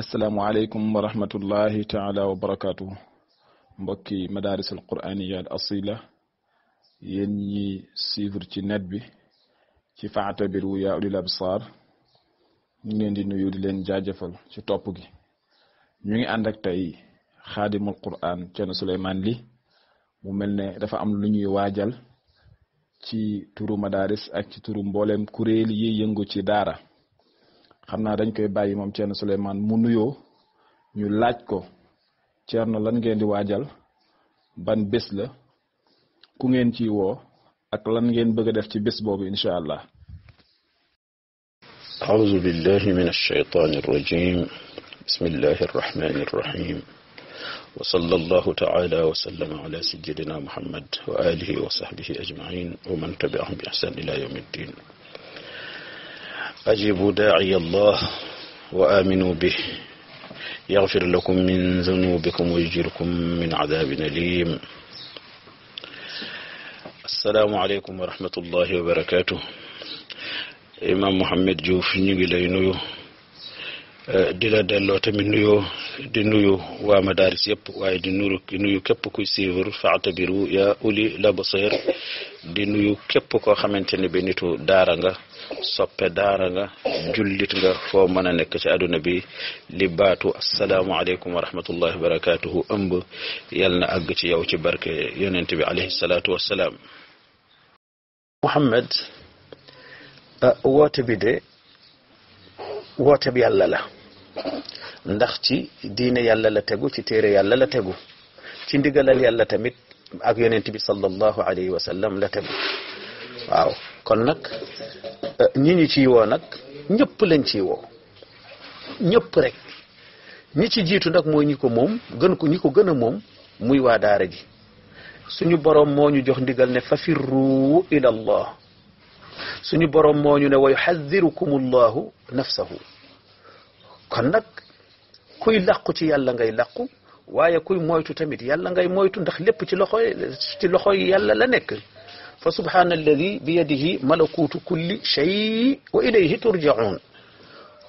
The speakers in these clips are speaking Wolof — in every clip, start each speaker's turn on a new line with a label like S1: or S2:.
S1: asalaamualeykum wa rahmatullahi taala wa barakaatu mbokki madaris al quraniya yen asila yéen ci net bi ci faatabiru yaa ulil absar ñu ngi leen di nuyu di leen jaajëfal ci topp gi ñu ngi ànd ak tey xaadimul quran Ceerno Suleymaan Ly mu mel ne dafa am lu ñuy waajal ci turu madaris ak ci turu mbooleem kuréel yi yëngu ci daara xam naa dañ koy bàyyi moom Thierno Souleymane mu nuyoo ñu laaj ko Thierno lan ngeen di waajal ban bés la ku ngeen ci woo ak lan ngeen bëgg a def ci bés boobu incha allah أعوذ بالله من الشيطان الرجيم بسم الله الرحمن الرحيم وصلى الله تعالى وسلم على سيدنا محمد وآله وصحبه أجمعين ومن تبعهم بإحسان إلى ajibu daaciya allah wa aaminu bih yaxfir lakum min zunubikum wa yujirkum min cadaabin aliim assalaamu aleykum wa rahmatullahi wa barakaatuh imaam Mohamed Diouf ñu ngi lay nuyu Euh, di la delloo tamit nuyoo di nuyu waa madaris yëpp waaye di nuyu di nuyu képp kuy suivre faatabiru yaa uli labasir di nuyu képp koo xamante ne bi nitu daara nga soppe daara nga jullit nga foo mën a nekk ci àdduna bi li baatu asalaamualeykum wa rahmatullahi wa barakatuhu ëmb yal ci yow ci barke yonent bi alayhi salaatu wassalaam
S2: woote bi yàlla la ndax ci diine yàlla la tegu ci téere yàlla la tegu ci ndigalal yàlla tamit ak yonent bi sallallahu alayhi wa la tegu waaw kon nag euh, ñi ñu ci woo nag ñépp lañ ci woo ñépp rek ñi ci jiitu nag mooy ñi ko moom gën ko ñi ko gën a moom muy waa daara ji suñu boroom moo ñu jox ndigal ne fa firru ila allah suñu borom moo ñu ne wa yuhadirukum llahu nafsahu kon nag kuy làqu ci yàlla ngay làqu waaye kuy moytu tamit yàlla ngay moytu ndax lépp ci loxo ci loxoy yàlla la nekk fa subhaana alladi bi yadihi malakuutu kulli shay wa ilayhi turjaun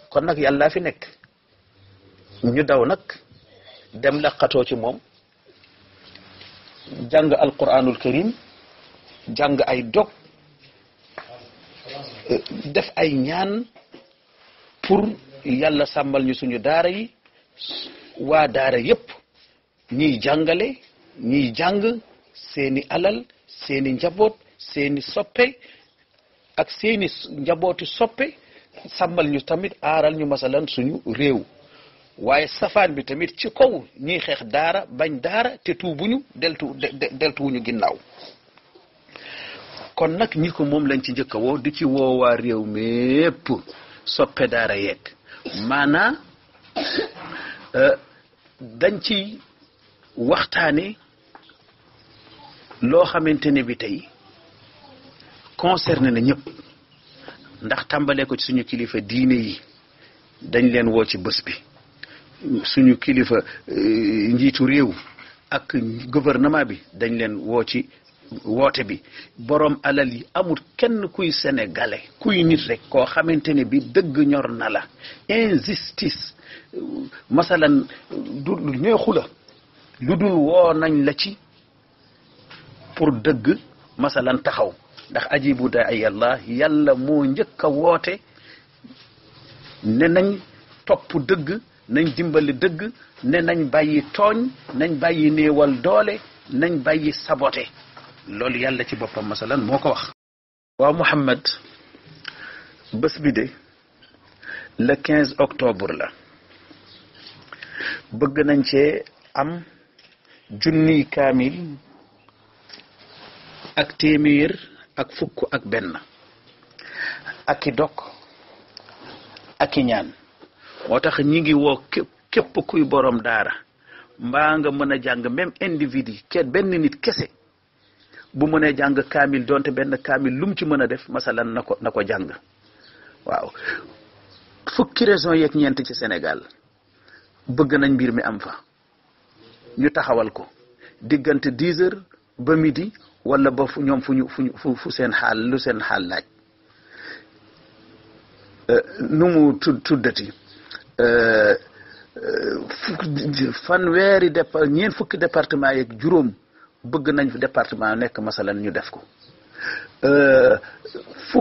S2: kon nag yàllaa fi nekk ñu daw nag dem laqatoo ci moom jàng alquranul karim jàng ay dog def ay ñaan pour yàlla sambal ñu suñu daara yi waa daara yépp ñiy jàngale ñiy jàng seeni alal seeni njaboot seeni soppe ak seeni njabooti soppe sàmmal ñu tamit aaral ñu masalan suñu réew waaye safaan bi tamit ci kaw ñiy xeex daara bañ daara te tuubuñu deltu deltuwuñu ginnaaw kon nag ñi ko moom lañ ci njëkk a woo di ci woo waa réew mépp soppe daara yeeg maanaa euh, dañ ci waxtaane loo xamante ne bi tey concerné na ñëpp ndax tàmbalee ko ci suñu kilifa diine yi dañ leen woo ci bës bi suñu kilifa euh, njiitu réew ak gouvernement bi dañ leen woo ci woote bi boroom alal yi amul kenn kuy senegale kuy nit rek koo xamante ni bi dëgg ñor na la injustice masalan du lu neexu la lu dul woo nañ la ci pour dëgg masalan taxaw ndax ajibu daay allah yàlla moo njëkk a woote ne nañ topp dëgg nañ dimbali dëgg ne nañ bàyyi tooñ nañ bàyyi néewal doole nañ bàyyi sabote loolu yàlla ci boppam masalan moo ko wax waaw Muhammad bés bi de le octobre la bëgg nañ cee am junniy kaamil ak téeméer ak fukk ak benn ak i dok ñaan moo tax ñi ngi woo képp kuy borom daara mbaa nga mën a jàng même individu kenn benn nit kese bu mënee jàng kaamil donte benn kaamil lu mu ci mën a def masalan na ko na ko jàng waaw fukki région yeeg ñeent ci Sénégal bëgg nañ mbir mi am fa ñu taxawal ko diggante dix heures ba midi wala ba fu ñoom fu seen xaal lu seen xaal laaj euh, numu mu tud tuddati euh, euh, fanweeri départ fukki département yeeg juróom bëgg nañ fi département nekk masalan ñu def ko euh, fu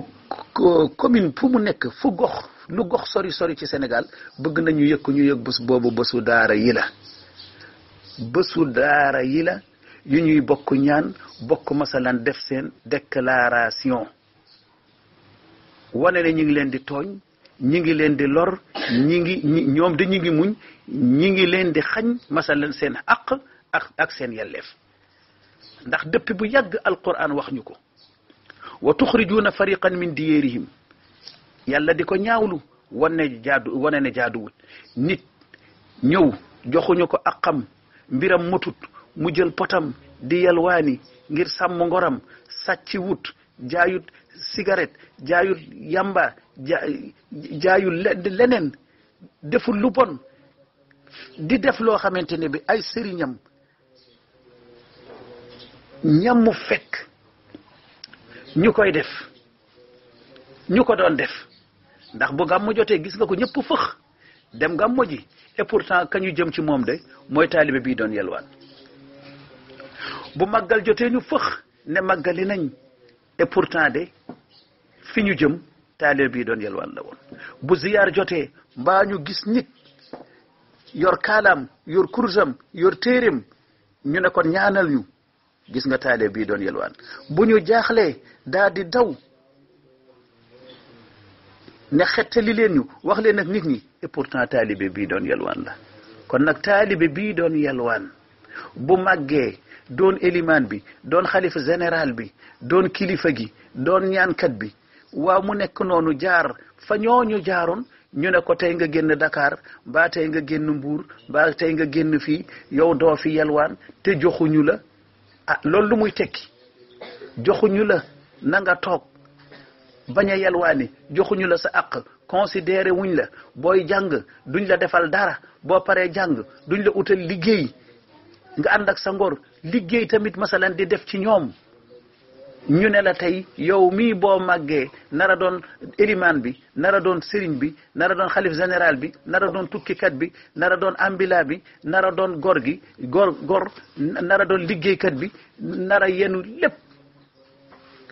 S2: commune fu mu nekk fu gox lu gox sori sori ci Sénégal bëgg nañu yëg ñu yëg bés boobu bésu daara yi la bésu daara yi la yu ñuy bokk ñaan bokk masalan def seen déclaration wane na ñu ngi leen di tooñ ñu ngi leen di lor ñi ngi ñoom di ñu ngi muñ ñi ngi leen di xañ masalan seen àq ak ak seen yelleef ndax depuis bu yàgg alquran wax ko wa tuxrijuuna fariqan min diyeerihim yàlla di ko ñaawlu wane jaadu wane ne jaaduwul nit ñëw joxuñu ko aqam mbiram matut mu jël potam di yalwaani ngir sàmm ngoram sàcc wut jaayut cigarette jaayut yamba ja leneen deful lu bon di def loo xamante ne bi ay sëriñam ñam mu fekk ñu koy def ñu ko doon def ndax bu gàmmu jotee gis nga ko ñëpp fëx dem gàmmu ji et pourtant ka ñu jëm ci moom de mooy taalibe bii doon yelwaan bu màggal jotee ñu fëx ne màggali nañ et pourtant de fi ñu jëm taalibe bii doon yelwaan la woon bu ziyaar jotee mbaa ñu gis nit yor kaalaam yor kursam yor téereem ñu ne kon ñaanal ñu gis nga bii doon yelwaan bu ñu jaaxlee daa di daw wax leen nit ñi et taalibe bii doon yelwaan la kon nag taalibe bi doon yelwaan bu màggee doon élimaan bi doon xalifa général bi doon kilifa gi doon ñaankat bi waaw mu nekk noonu jaar fa ñooñu jaaroon ñu ne ko tey nga génn Dakar mbaa tey nga génn Mbuur mbaa tey nga génn fii yow doo fi yelwaan te joxuñu la ah loolu lu muy tekki joxuñu la na nga toog bañ a yalwaani joxuñu la sa àq considéré wuñ la booy jàng duñ la defal dara boo paree jàng duñ la utal liggéey nga ànd ak sa ngor liggéey tamit masalan di def ci ñoom ñu ne la tey yow mii boo màggee nara doon élimaan bi nara doon sëriñ bi nara doon xalif général bi nara doon tukkikat bi nara doon ambila bi nara doon gor gor gor nara doon liggéeykat bi nara yenu lépp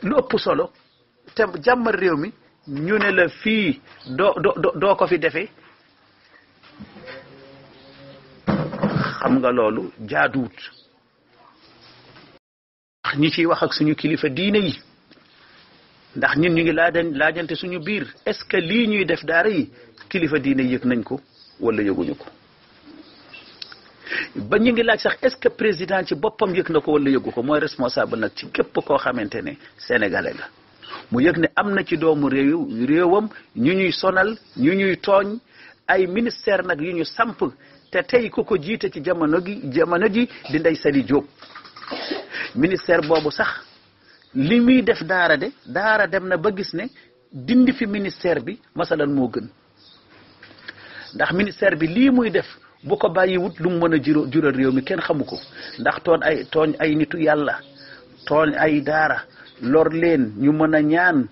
S2: lu ëpp solo te jàmmal réew mi ñu ne la fii doo doo doo ko fi defee xam nga loolu jaaduwut wax ñi ciy wax ak suñu kilifa diine yi ndax ñun ñu ngi laajan laajante suñu biir est-ce que lii ñuy def daara yi kilifa diine yëg nañ ko wala yëguñu ko ba ñu ngi laaj sax est-ce que président ci boppam yëg na ko wala yëgu ko mooy responsable nag ci képp koo xamante ne sénégalais la mu yëg ni am na ci doomu réew réewam ñu ñuy sonal ñu ñuy tooñ ay ministère nag yu ñu samp te tey ku ko jiite ci jamono gi jamono ji di Ndeye Saly Diop ministère boobu sax li muy def daara de daara dem na ba gis ne dindi fi ministère bi masalan moo gën ndax ministère bi lii muy def bu ko bàyyiwut lu mu mën a juró réew mi kenn xamu ko ndax tooñ ay nitu yàlla tooñ ay daara lor leen ñu mën a ñaan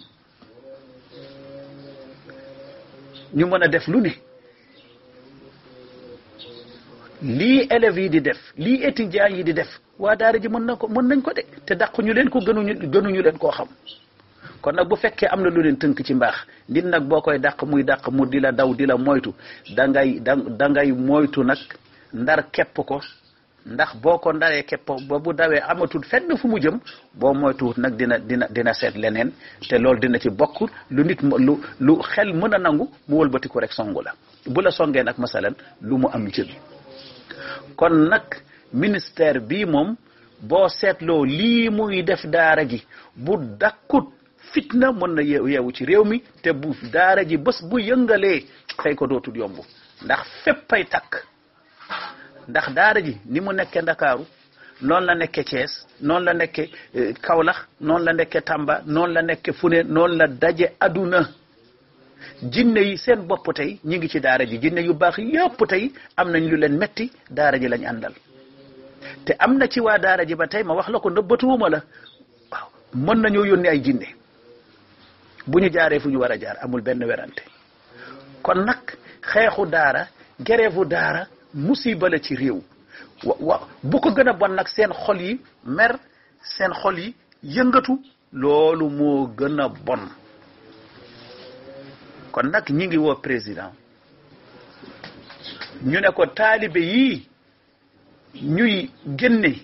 S2: ñu mën a def lu ne lii élèves yi di def lii étudiants yi di def waa daara ji mën na ko mën nañ ko de te dàquñu leen ko gënuñu gënuñu leen koo xam kon nag bu fekkee am na lu leen tënk ci mbaax nit nag boo koy dàq muy dàq mu di daw di moytu dangay da da moytu nag ndar képp ko ndax boo ko ndaree képp ba bu dawee amatul fenn fu mu jëm boo moytuwut nag dina dina dina seet leneen te loolu dina ci bokk lu nit lu xel mën a nangu mu wëlbatiku rek songu la bu la songee nag masalan lu mu am jël kon nag ministère bii moom boo seetloo lii muy def daara gi bu dakkut fitna mën na yeewu ci réew mi te bu daara ji bés bu yëngalee fay ko dootul yomb ndax féppay takk ndax daara ji ni mu nekkee ndakaaru noonu la nekkee Thiès noonu la nekkee euh, kawlax noonu la nekkee Tamba noonu la nekkee Fune noonu la daje aduna jinne yi seen bopp tey ñu ngi ci daara ji jinne yu baax yëpp tey am nañ lu leen metti daara ji lañ àndal te am na ci waa daara ji ba tey ma wax la ko nëbbatuwuma la waaw mën nañoo yónni ay jinne bu ñu jaaree fu ñu war a jaar amul benn werante kon nag xeexu daara gereefu daara musiba la ci réew wa bu ko gën a bon nag seen xol yi mer seen xol yi yëngatu loolu moo gën bon kon nag ñi ngi woo président ñu ne ko taalibe yii ñuy génne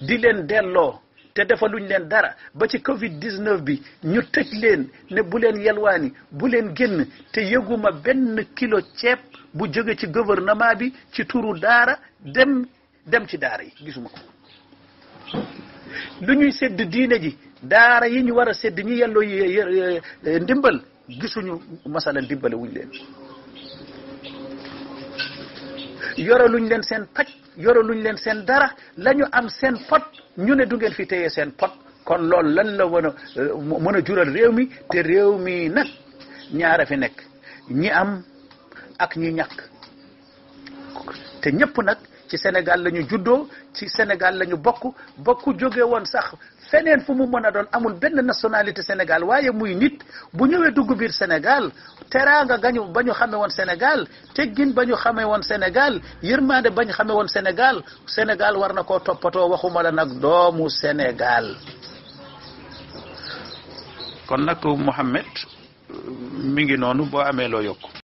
S2: di leen delloo te defaluñ leen dara ba ci Covid 19 bi ñu tëj leen ne bu leen yelwaani bu leen génn te yëguma benn kilo ceeb bu jóge ci gouvernement bi ci turu daara dem dem ci daara yi gisuma ko lu ñuy sedd diine ji daara yi ñu war a sedd ñi yelloo ndimbal gisuñu masala ndimbale wuñ leen. yoraluñ leen seen paj yoraluñ leen seen dara la ñu am seen pot ñu ne du ngeen fi téye seen pot kon loolu lan la mën mën a jural réew mi te réew mi nag ñaara fi nekk ñi am ak ñi ñàkk te ñëpp nag ci Sénégal lañu ñu juddoo ci Sénégal lañu ñu bokk bokku jóge woon sax feneen fu mu mën a doon amul benn nationalité Sénégal waaye muy nit bu ñëwee dugg biir Sénégal teraanga gañu ba ñu xamee woon Sénégal teggin ba ñu xamee woon Sénégal yërmande ba ñu xamee woon Sénégal Sénégal war na koo toppatoo waxuma la nag doomu Sénégal.
S1: kon nag Mouhamed mi ngi noonu boo amee loo yokk.